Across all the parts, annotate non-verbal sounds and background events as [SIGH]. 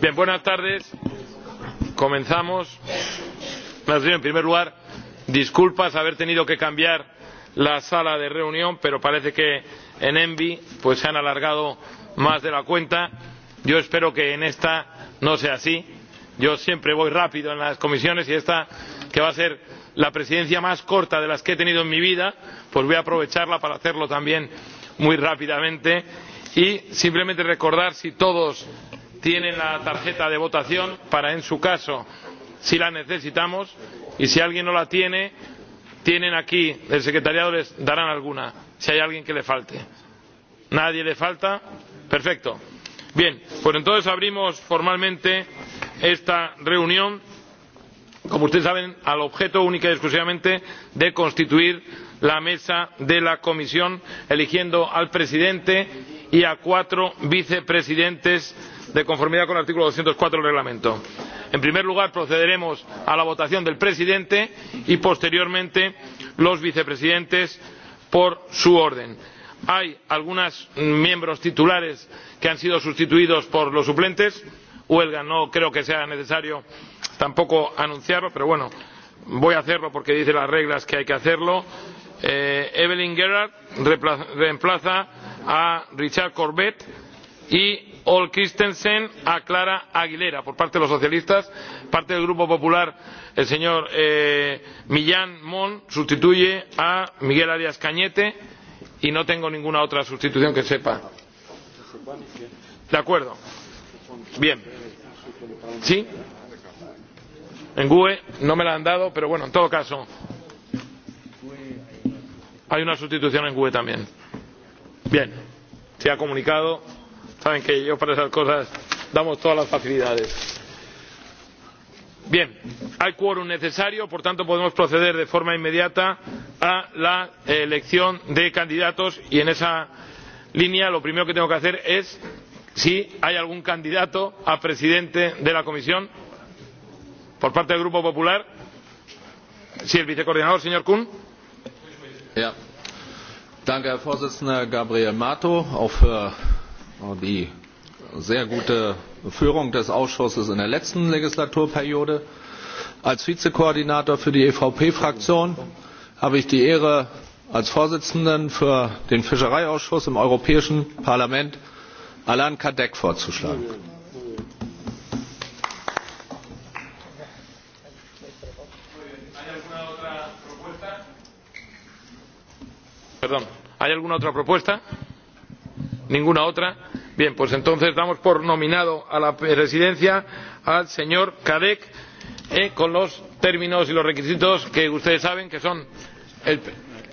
Bien, buenas tardes. Comenzamos. En primer lugar, disculpas haber tenido que cambiar la sala de reunión, pero parece que en Envi pues, se han alargado más de la cuenta. Yo espero que en esta no sea así. Yo siempre voy rápido en las comisiones y esta, que va a ser la presidencia más corta de las que he tenido en mi vida, pues voy a aprovecharla para hacerlo también muy rápidamente y simplemente recordar si todos tienen la tarjeta de votación para en su caso si la necesitamos y si alguien no la tiene tienen aquí el secretariado les dará alguna si hay alguien que le falte. nadie le falta? perfecto. bien pues entonces abrimos formalmente esta reunión como ustedes saben al objeto única y exclusivamente de constituir la mesa de la comisión eligiendo al presidente y a cuatro vicepresidentes de conformidad con el artículo doscientos cuatro del reglamento. en primer lugar procederemos a la votación del presidente y posteriormente los vicepresidentes por su orden. hay algunos miembros titulares que han sido sustituidos por los suplentes huelga no creo que sea necesario tampoco anunciarlo pero bueno voy a hacerlo porque dicen las reglas que hay que hacerlo. Eh, evelyn gebhardt reemplaza a Richard Corbett y Ol Christensen a Clara Aguilera. Por parte de los socialistas, parte del Grupo Popular, el señor eh, Millán Mon sustituye a Miguel Arias Cañete y no tengo ninguna otra sustitución que sepa. De acuerdo. Bien. ¿Sí? En GUE no me la han dado, pero bueno, en todo caso. Hay una sustitución en GUE también Bien, se ha comunicado. Saben que yo para esas cosas damos todas las facilidades. Bien, hay quórum necesario, por tanto podemos proceder de forma inmediata a la elección de candidatos y en esa línea lo primero que tengo que hacer es si hay algún candidato a presidente de la comisión por parte del grupo popular. Sí, el vicecoordinador, señor Kuhn. Yeah. Danke, Herr Vorsitzender Gabriel Mato, auch für äh, die sehr gute Führung des Ausschusses in der letzten Legislaturperiode. Als Vizekoordinator für die EVP-Fraktion habe ich die Ehre, als Vorsitzenden für den Fischereiausschuss im Europäischen Parlament Alain Kadek vorzuschlagen. perdón hay alguna otra propuesta? ninguna otra? bien pues entonces damos por nominado a la presidencia al señor cadec eh, con los términos y los requisitos que ustedes saben que son el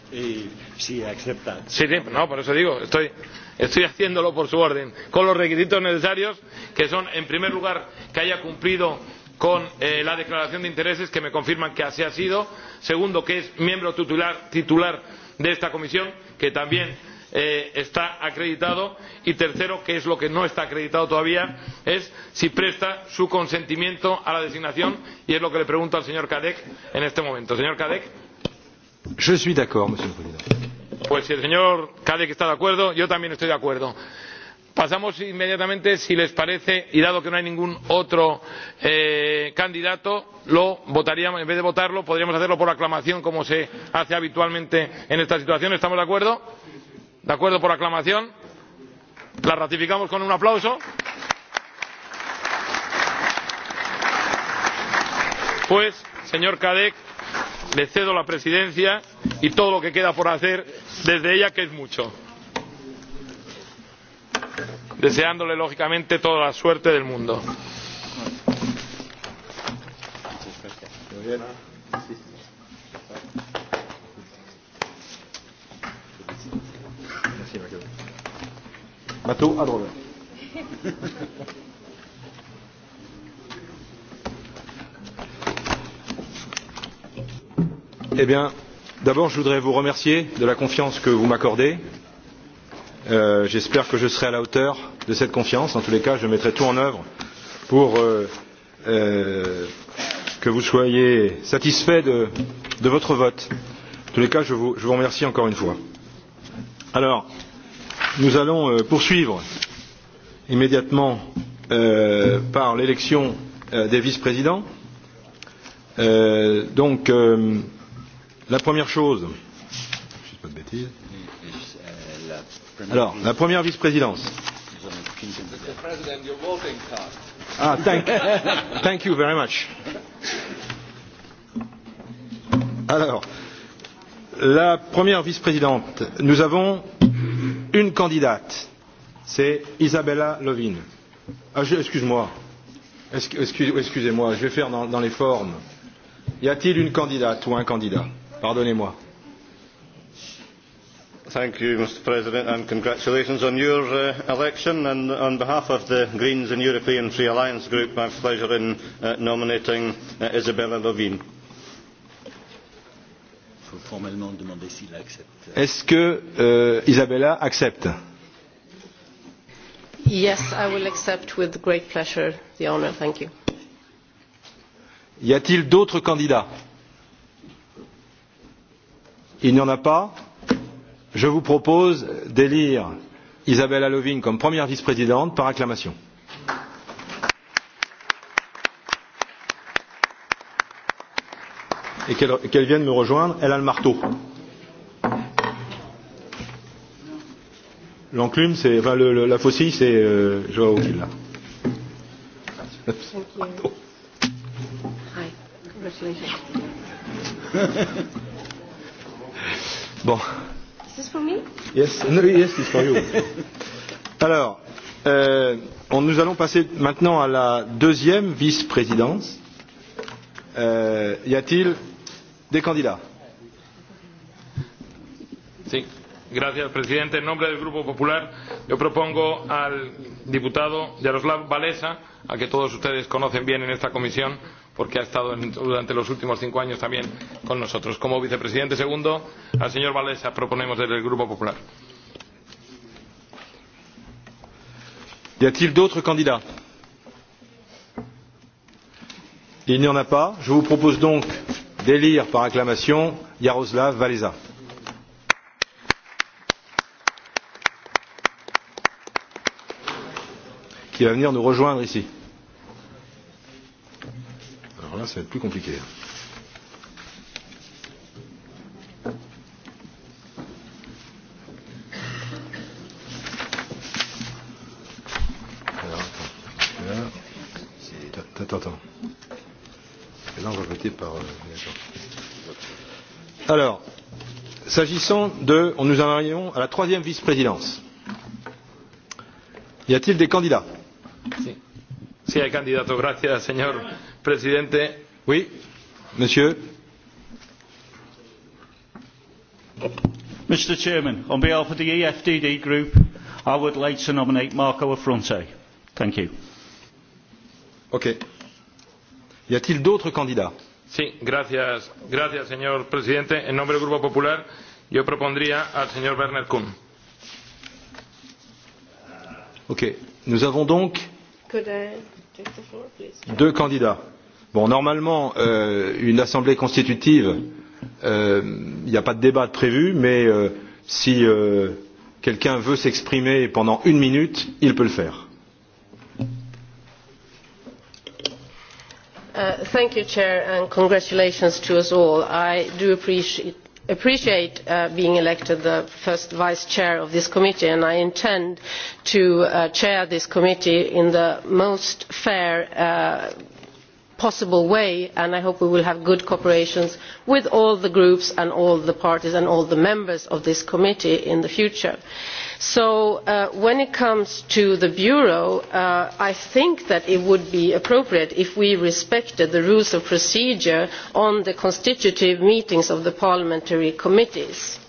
y si acepta. Sí, sí, no, por eso digo, estoy, estoy haciéndolo por su orden, con los requisitos necesarios, que son, en primer lugar, que haya cumplido con eh, la declaración de intereses, que me confirman que así ha sido. Segundo, que es miembro titular, titular de esta comisión que también eh, está acreditado y tercero que es lo que no está acreditado todavía es si presta su consentimiento a la designación y es lo que le pregunto al señor cadec en este momento. señor cadec. je suis d'accord monsieur le président. pues si el señor cadec está de acuerdo yo también estoy de acuerdo pasamos inmediatamente si les parece y dado que no hay ningún otro eh, candidato en vez de votarlo podríamos hacerlo por aclamación como se hace habitualmente en esta situación. estamos de acuerdo? de acuerdo por aclamación. la ratificamos con un aplauso. pues señor cadec le cedo la presidencia y todo lo que queda por hacer desde ella que es mucho deseándole lógicamente toda la suerte del mundo. Bateau à droite. Eh bien, d'abord, je voudrais vous remercier de la confiance que vous m'accordez Euh, J'espère que je serai à la hauteur de cette confiance. En tous les cas, je mettrai tout en œuvre pour euh, euh, que vous soyez satisfait de, de votre vote. En tous les cas, je vous, je vous remercie encore une fois. Alors, nous allons euh, poursuivre immédiatement euh, par l'élection euh, des vice-présidents. Euh, donc, euh, la première chose, euh, bêtises. Alors, la première vice-présidence. Ah, thank, thank you very much. Alors, la première vice-présidente, nous avons une candidate, c'est Isabella Lovin. Ah, Excuse-moi, excusez-moi, je vais faire dans, dans les formes. Y a-t-il une candidate ou un candidat Pardonnez-moi. Thank you, Mr President, and congratulations on your uh, election. And on behalf of the Greens and European Free Alliance Group, I have pleasure in uh, nominating uh, Isabella Levine. Est-ce que euh, Isabella accepte Yes, I will accept with great pleasure the honor. Thank you. Y a-t-il d'autres candidats Il n'y en a pas je vous propose d'élire isabella lövin comme première vice présidente par acclamation. et qu'elle qu vienne me rejoindre elle a le marteau. l'enclume c'est enfin le, le, la faucille c'est euh, je vois où il l'a. [LAUGHS] bon this for me? Yes, no, yes, it's for you. [LAUGHS] Alors, euh, on, nous allons passer maintenant à la deuxième vice-présidence. Euh, y a-t-il des candidats Sí. Gracias, presidente. En nombre del Grupo Popular, yo propongo al diputado Yaroslav Valesa, a que todos ustedes conocen bien en esta comisión, porque ha estado en, durante los últimos cinco años también con nosotros. Como vicepresidente segundo, al señor Valesa proponemos desde el Grupo Popular. Y a-t-il d'autres candidats Il n'y en a pas. Je vous propose donc d'élire par acclamation Jaroslav Valesa. qui va venir nous rejoindre ici va être plus compliqué. Attends, attends. Et là, on va voter par. Euh, Alors, s'agissant de. Nous en arrivons à la troisième vice-présidence. Y a-t-il des candidats Sí, hay candidato. Gracias, señor presidente Oui, monsieur. Mr Chairman, on behalf of the EFDD group, I would like to nominate Marco Affronte. Thank you. Okay. Y a-t-il d'autres candidats Sí, gracias, gracias, señor presidente. En nombre del Grupo Popular, yo propondría al señor Werner Kuhn. Ok. Nous avons donc Could I take the floor, please? deux candidats. Bon, normalement, euh, une assemblée constitutive, il euh, n'y a pas de débat de prévu, mais euh, si euh, quelqu'un veut s'exprimer pendant une minute, il peut le faire. Uh, thank you, Chair, and congratulations to us all. I do appreciate, appreciate uh, being elected the first Vice Chair of this committee, and I intend to uh, chair this committee in the most fair uh, possible way and i hope we will have good cooperation with all the groups and all the parties and all the members of this committee in the future. So, uh, when it comes to the bureau uh, i think that it would be appropriate if we respected the rules of procedure on the constitutive meetings of the parliamentary committees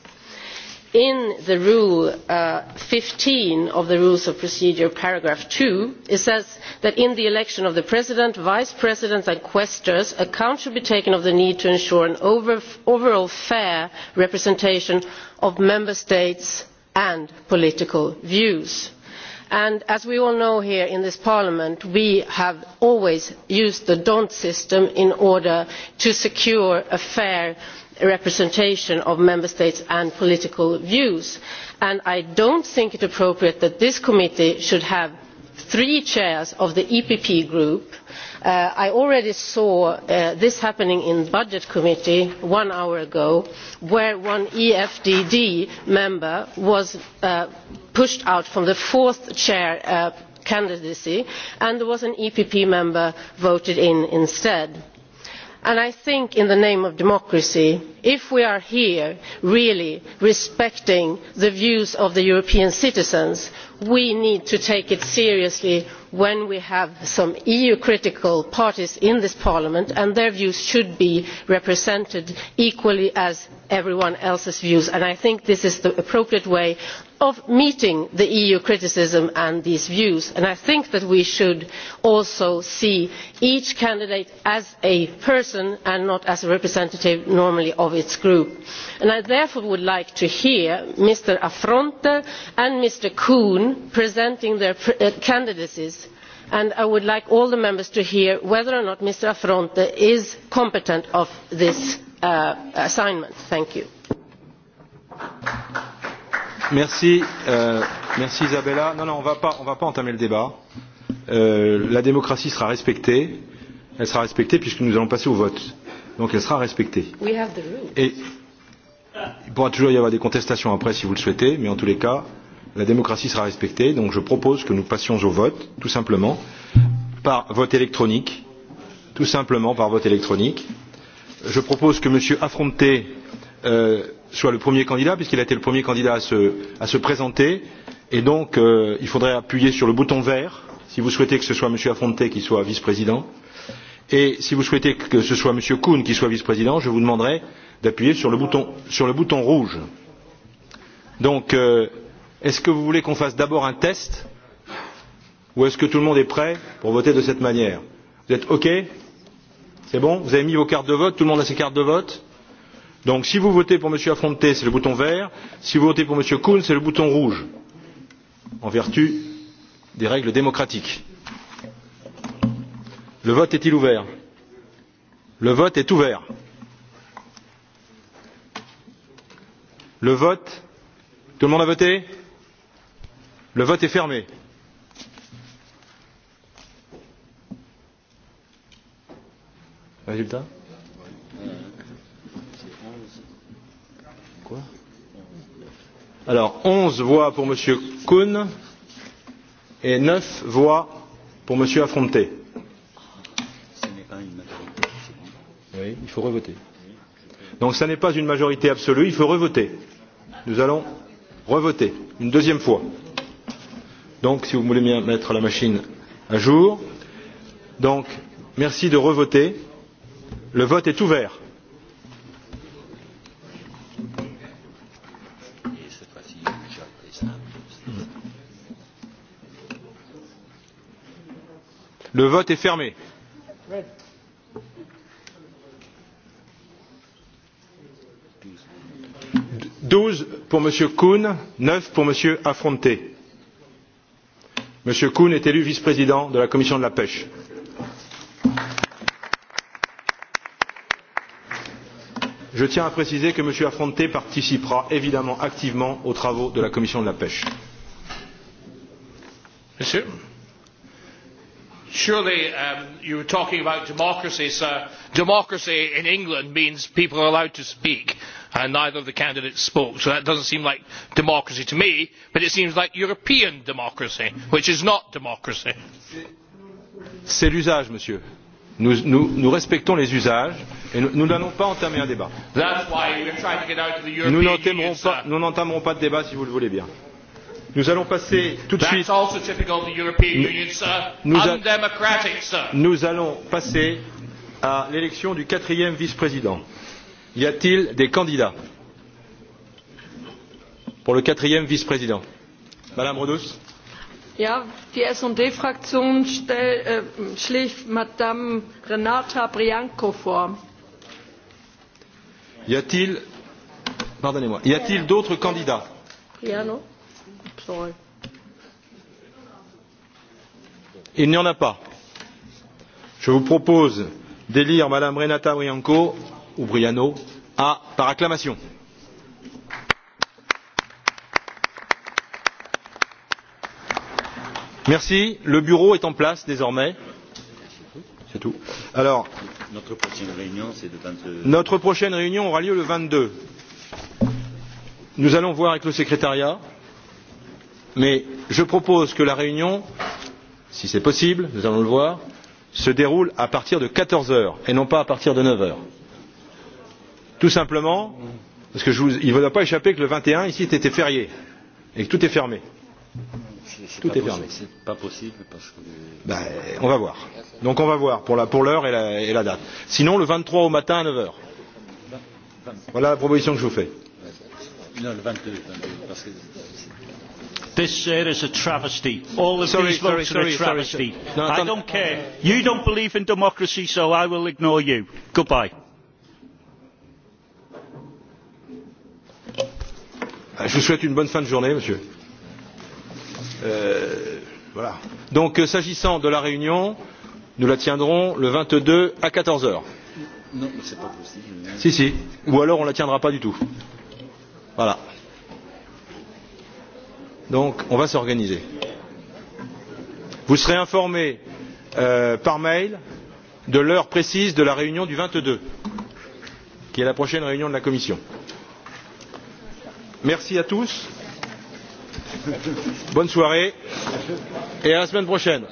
in the rule uh, fifteen uh, of the rules of procedure paragraph two it says that in the election of the president vice presidents and quaestors account should be taken of the need to ensure an over, overall fair representation of member states and political views and as we all know here in this parliament we have always used the d'hondt system in order to secure a fair representation of member states and political views and i do not think it appropriate that this committee should have three chairs of the epp group and Uh, i already saw uh, this happening in the budget committee one hour ago where one efdd member was uh, pushed out from the fourth chair uh, candidacy and there was an epp member voted in instead. And i think in the name of democracy if we are here really respecting the views of the european citizens we need to take it seriously when we have some eu critical parties in this parliament and their views should be represented equally as everyone else's views and i think this is the appropriate way of meeting the eu criticism and these views and i think that we should also see each candidate as a person and not as a representative normally of its group. i therefore would like to hear mr affronte and mr kuhn june presenting their uh, candidacies and i would like all the members to hear whether or not mr affronte is competent for this uh, assignment. thank you. Merci, euh, merci Isabella. Non, non, on ne va pas entamer le débat. Euh, la démocratie sera respectée. Elle sera respectée puisque nous allons passer au vote. Donc elle sera respectée. We have the rules. Et il pourra toujours y avoir des contestations après si vous le souhaitez, mais en tous les cas, euh, la démocratie sera respectée. Donc je propose que nous passions au vote, tout simplement, par vote électronique. Tout simplement par vote électronique. Je propose que M. Affronte euh, soit le premier candidat, puisqu'il a été le premier candidat à se, à se présenter. Et donc, euh, il faudrait appuyer sur le bouton vert si vous souhaitez que ce soit M. Affronte qui soit vice-président. Et si vous souhaitez que ce soit M. Kuhn qui soit vice-président, je vous demanderai d'appuyer sur, le bouton, sur le bouton rouge. Donc, euh, est ce que vous voulez qu'on fasse d'abord un test ou est ce que tout le monde est prêt pour voter de cette manière? vous êtes ok? c'est bon? vous avez mis vos cartes de vote? tout le monde a ses cartes de vote? donc si vous votez pour m. affronte c'est le bouton vert si vous votez pour m. kuhn c'est le bouton rouge en vertu des règles démocratiques. le vote est il ouvert? le vote est ouvert. le vote tout le monde a voté? le vote est fermé. résultat Quoi alors onze voix pour m. kuhn et neuf voix pour m. affronte. Oui, il faut revoter. Donc ça n'est pas une majorité absolue, il faut revoter. Nous allons revoter une deuxième fois donc si vous voulez bien mettre la machine à jour. Donc, merci de revoter. Le vote est ouvert. Le vote est fermé. douze pour m. kuhn neuf pour m. affronte m. kuhn est élu vice président de la commission de la pêche. je tiens à préciser que m. affronte participera évidemment activement aux travaux de la commission de la pêche. monsieur? surely um, you were talking about democracy sir democracy in england means people are allowed to speak and neither of the candidates spoke so that does not seem like democracy to me but it seems like european democracy which is not democracy. c'est l'usage monsieur. Nous, nous, nous respectons les usages et nous n'allons pas entamer un débat. nous n'entamerons pas, pas de débat si vous le voulez bien. Nous allons passer tout de That's suite. Also typical of the European Union, sir. Nous, a... Undemocratic, sir. Nous allons passer à l'élection du quatrième vice-président. Y a-t-il des candidats pour le quatrième vice-président Madame Rodus. Ja, die S&D-Fraktion äh, schlägt Madame Renata Brianco vor. Y a-t-il, pardonnez-moi, y a-t-il d'autres candidats Briano. Yeah, parole. il n'y en a pas. je vous propose d'élire mme renata briano par acclamation. merci le bureau est en place désormais. c'est tout. Alors, notre prochaine réunion c'est le 22. notre prochaine réunion aura lieu le 22. nous allons voir avec le secrétariat mais je propose que la réunion si c'est possible nous allons le voir se déroule à partir de quatorze heures et non pas à partir de neuf heures tout simplement parce qu'il ne vous a pas échappé que le vingt et un ici était férié et que tout est fermé. Tout est fermé. C'est pas possible parce que. Ben, on va voir. Donc on va voir pour la pour l'heure et la, et la date. Sinon le 23 au matin à 9 heures. Voilà la proposition que je vous fais. Non, le 22, 22 parce que This, sir, is a travesty. All of sorry, these sorry, votes sorry, are a travesty. Sorry, sorry. No, I don't care. You don't believe in democracy, so I will ignore you. Goodbye. Ah, je vous souhaite une bonne fin de journée, monsieur. Euh, voilà. Donc, euh, s'agissant de la réunion, nous la tiendrons le 22 à 14 heures. Non, mais c'est pas possible. Si, si. Ou alors on la tiendra pas du tout. Voilà donc on va s'organiser. vous serez informés euh, par mail de l'heure précise de la réunion du vingt deux qui est la prochaine réunion de la commission. merci à tous bonne soirée et à la semaine prochaine.